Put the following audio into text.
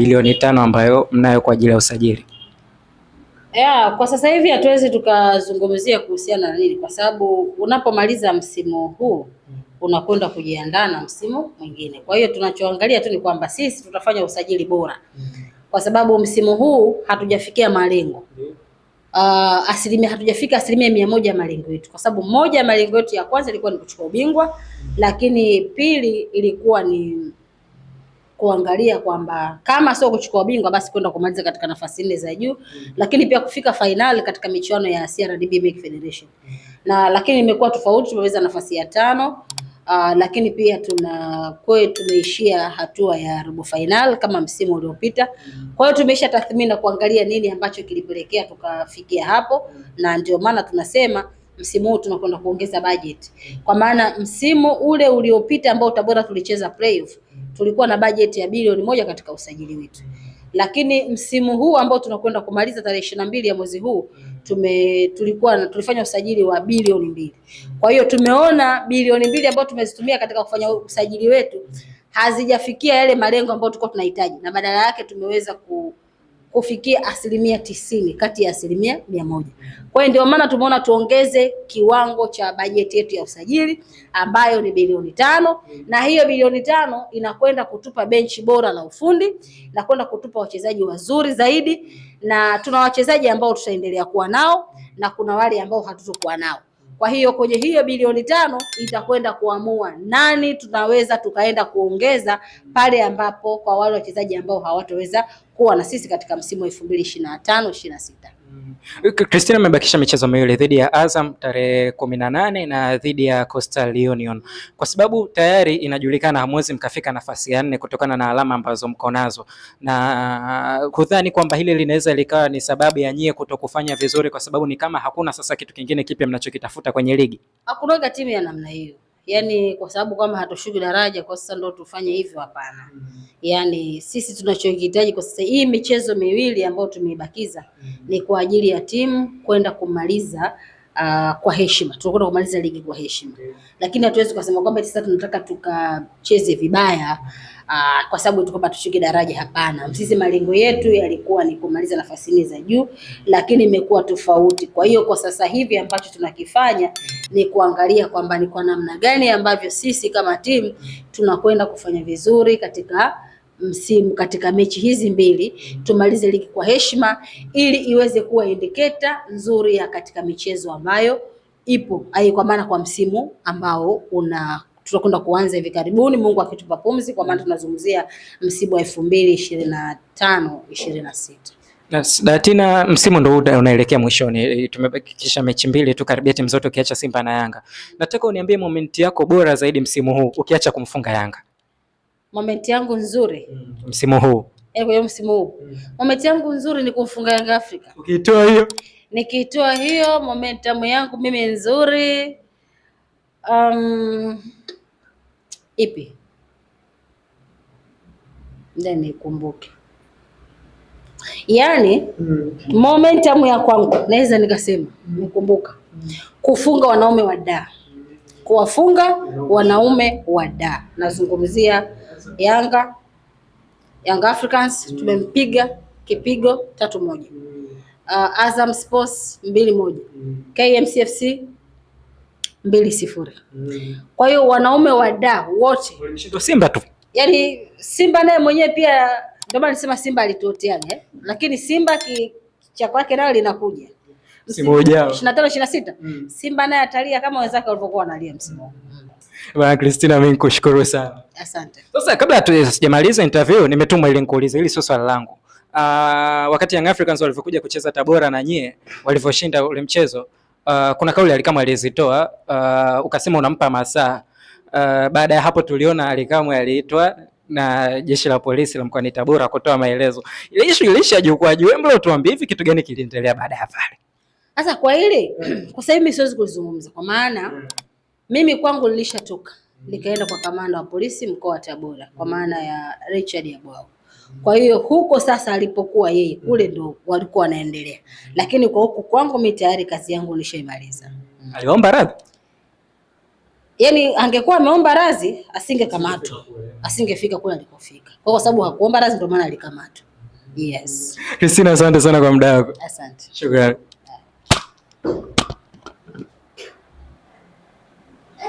bilioni tano ambayo mnayo kwa ajili ya usajili? Yeah, kwa sasa hivi hatuwezi tukazungumzia kuhusiana na nini, kwa sababu unapomaliza msimu huu unakwenda kujiandaa na msimu mwingine. Kwa hiyo tunachoangalia tu ni kwamba sisi tutafanya usajili bora, kwa sababu msimu huu hatujafikia malengo uh, asilimia hatujafika asilimia mia moja malengo yetu, kwa sababu moja malengo yetu ya kwanza ilikuwa ni kuchukua ubingwa, lakini pili ilikuwa ni kuangalia kwamba kama sio kuchukua ubingwa basi kwenda kumaliza katika nafasi nne za juu, mm. lakini pia kufika fainali katika michuano ya CRDB Bank Federation mm. na lakini imekuwa tofauti, tumeweza nafasi ya tano uh, lakini pia tuna kwe tumeishia hatua ya robo fainali kama msimu uliopita mm. kwa hiyo tumeisha tathmini na kuangalia nini ambacho kilipelekea tukafikia hapo mm. na ndio maana tunasema msimu huu tunakwenda kuongeza bajeti, kwa maana msimu ule uliopita ambao Tabora tulicheza playoff tulikuwa na bajeti ya bilioni moja katika usajili wetu, lakini msimu huu ambao tunakwenda kumaliza tarehe ishirini na mbili ya mwezi huu tume tulikuwa tulifanya usajili wa bilioni mbili. Kwa hiyo tumeona bilioni mbili ambayo tumezitumia katika kufanya usajili wetu hazijafikia yale malengo ambayo tulikuwa tunahitaji, na badala yake tumeweza ku kufikia asilimia tisini kati ya asilimia mia moja. Kwa hiyo ndio maana tumeona tuongeze kiwango cha bajeti yetu ya usajili ambayo ni bilioni tano na hiyo bilioni tano inakwenda kutupa benchi bora la ufundi, inakwenda kutupa wachezaji wazuri zaidi, na tuna wachezaji ambao tutaendelea kuwa nao na kuna wale ambao hatutokuwa nao. Kwa hiyo kwenye hiyo bilioni tano itakwenda kuamua nani tunaweza tukaenda kuongeza pale ambapo kwa wale wachezaji ambao hawatoweza kuwa na sisi katika msimu wa 2025 sita. Kristina amebakisha michezo miwili dhidi ya Azam tarehe kumi na nane na dhidi ya Coastal Union. Kwa sababu tayari inajulikana hamwezi mkafika nafasi ya nne kutokana na alama ambazo mko nazo, na kudhani uh, kwamba hili linaweza likawa ni sababu ya nyie kuto kufanya vizuri, kwa sababu ni kama hakuna sasa kitu kingine kipya mnachokitafuta kwenye ligi. Hakuna timu ya namna hiyo yani kwa sababu kama hatoshuki daraja kwa sasa ndo tufanye hivyo, hapana. Yani sisi tunachohitaji kwa sasa, hii michezo miwili ambayo tumeibakiza ni kwa ajili ya timu kwenda kumaliza Uh, kwa heshima tunakwenda kumaliza ligi kwa heshima yeah. Lakini hatuwezi kusema kwamba sasa tunataka tukacheze vibaya uh, kwa sababu kwamba tushuke daraja, hapana. Sisi malengo yetu yalikuwa ni kumaliza nafasi nne za juu, lakini imekuwa tofauti. Kwa hiyo kwa sasa hivi ambacho tunakifanya ni kuangalia kwamba ni kwa namna gani ambavyo sisi kama timu tunakwenda kufanya vizuri katika msimu katika mechi hizi mbili, tumalize ligi kwa heshima, ili iweze kuwa indiketa nzuri ya katika michezo ambayo ipo ai, kwa maana kwa msimu ambao una tutakwenda kuanza hivi karibuni, Mungu akitupa pumzi, kwa maana tunazungumzia msimu wa elfu mbili ishirini na tano ishirini na sita. Yes, Tina, msimu ndo unaelekea mwishoni, e, tumebakisha mechi mbili tu, karibia timu zote ukiacha Simba na Yanga. Nataka uniambie momenti yako bora zaidi msimu huu ukiacha kumfunga Yanga. Momenti yangu nzuri msimu huu eh, kwa msimu huu momenti yangu nzuri ni kumfunga Yanga Afrika. Ukitoa hiyo, nikitoa hiyo momentum yangu mimi nzuri um, ipi? Ndio nikumbuke yani mm. momentum ya kwangu naweza nikasema nikumbuka mm. kufunga wanaume wa da kuwafunga wanaume wa da nazungumzia Yanga, Young Africans mm. tumempiga kipigo tatu moja. Mm. Uh, Azam Sports mbili moja, mm. KMCFC mbili sifuri. Kwa hiyo wanaume wa da wote Simba tu, yaani, Simba naye mwenyewe pia ndio maana nasema Simba alituoteaga eh? Lakini Simba ki, cha kwake nayo linakuja msimu ujao 25 26. Mm. Simba naye atalia kama wenzake walivyokuwa wanalia msimu mm. Bwana Christina, mimi nikushukuru sana. Asante. Sasa kabla sijamaliza interview, nimetumwa ili nikuulize, hili sio swali langu. Uh, wakati Young Africans walivyokuja kucheza Tabora na nyie walivyoshinda ule mchezo uh, kuna kauli Alikamwe alizitoa uh, ukasema unampa masaa uh, baada ya hapo tuliona Alikamwe aliitwa na jeshi la polisi la mkoani Tabora kutoa maelezo. Ile ishu ilishajukuaje? juu, mbona utuambie hivi kitu gani kiliendelea baada ya pale? Sasa kwa ile kwa sasa mimi siwezi kuzungumza kwa maana mimi kwangu nilishatoka nikaenda kwa kamanda wa polisi mkoa wa Tabora kwa maana ya Richard Yabwao. Kwa hiyo huko sasa alipokuwa yeye kule ndo walikuwa wanaendelea, lakini kwa huku kwangu mimi tayari kazi yangu nilishaimaliza. Aliomba radhi, yaani angekuwa ameomba radhi asingekamatwa asingefika kule alikofika. Kwa kwa sababu hakuomba radhi ndio maana alikamatwa. Yes. Christina, asante sana kwa muda wako. Asante. Shukrani.